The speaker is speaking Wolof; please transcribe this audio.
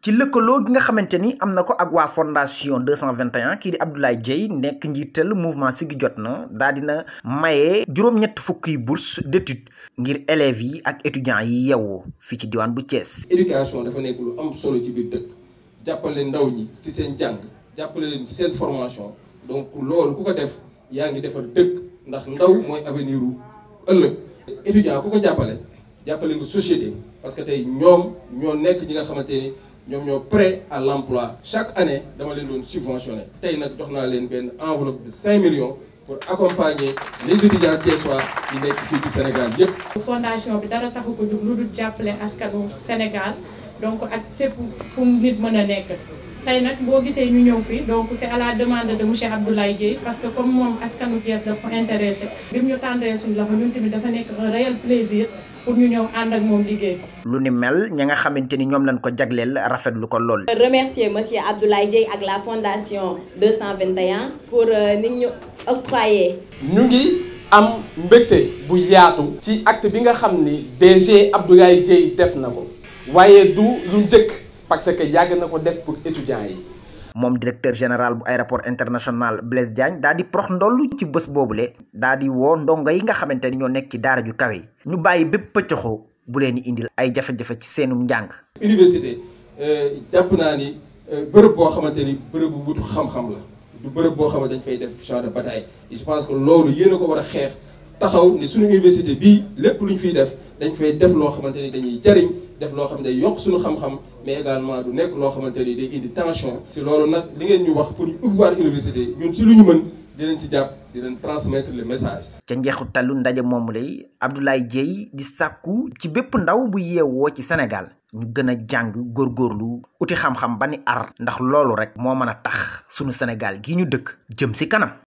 ci lëkkaloo gi nga xamante ni am na ko ak waa fondation 221 kii di Abdoulaye Dieye nekk njiital mouvement Siggi jot na daa dina maye juróom-ñett fukki bourse d'études ngir élèves yi ak étudiants yi yeewoo fii ci diwaan bu Thiès. éducation dafa nekk lu am solo ci biir dëkk jàppale ndaw ñi si seen jàng jàppale leen si seen formation donc loolu ku ko def yaa ngi defar dëkk ndax ndaw mooy avenir u ëllëg étudiant ku ko jàppale jàppale nga société parce que tey ñoo nekk ñi nga xamante ni. ñoom ñoo prêt à l'emploi chaque année dama leen doon subventionné tey nag jox naa leen benn enveloppe de 5 millions pour accompagner les étudiants thiessois yi nekk fii ci Sénégal yëpp. fondation bi dara taxu ko jug lu dul jàppale askanu Sénégal donc ak fépp fu nit mën a nekk tey nag boo gisee ñu ñëw fii donc c'est à demande de monsieur Abdoulaye Dieye parce que comme moom askanu Thiès dafa intéressé bi ñu tàndee suñu loxo ñun dafa nekk un pour ñu ñëw ànd ak moom liggéey lu ni mel ña nga xamante ni ñoom lañ ko jagleel rafetlu ko lool. remercier monsieur Abdoulaye Dieye ak la fondation 221 pour euh, ni ñu octroyé. ñu ngi am mbégte bu yaatu. ci acte bi nga xam ni DG Abdoulaye Dieye def na ko waaye du lu njëkk parce que yàgg na ko def pour étudiants yi. moom directeur général bu aéroport international Blaise Diagne daa di prox ndollu ci bés boobu daa di woo ndongo yi nga xamante ni ñoo nekk ci daara ju kawe yi ñu bàyyi bépp pëccoxoo bu leen indil ay jafe-jafe ci seenum njàng université euh, jàpp naa ni euh, bërëb boo xamante ni bërëb wutu xam-xam la du bërëb boo xamante dañ fay def champ de bataille que loolu yéen a ko war a xeex taxaw ni suñu université bii lépp lu ñu fiy def dañ fay def loo xamante ni dañuy jariñ def loo xam ne day yokk suñu xam-xam mais également du nekk loo xamante ni day indi tension si loolu nag li ngeen ñu wax pour ñu ubbiwaat université ñun si lu ñu mën dinañ si jàpp di leen transmettre le message. ca tàllu ndaje moom lay Abdoulaye Dieye di sàkku ci bépp ndaw bu yeewoo ci senegal ñu gën a jàng góorgóorlu uti xam-xam ba ni ar ndax loolu rek moo mën a tax sunu Sénégal gi ñu dëkk jëm si kanam.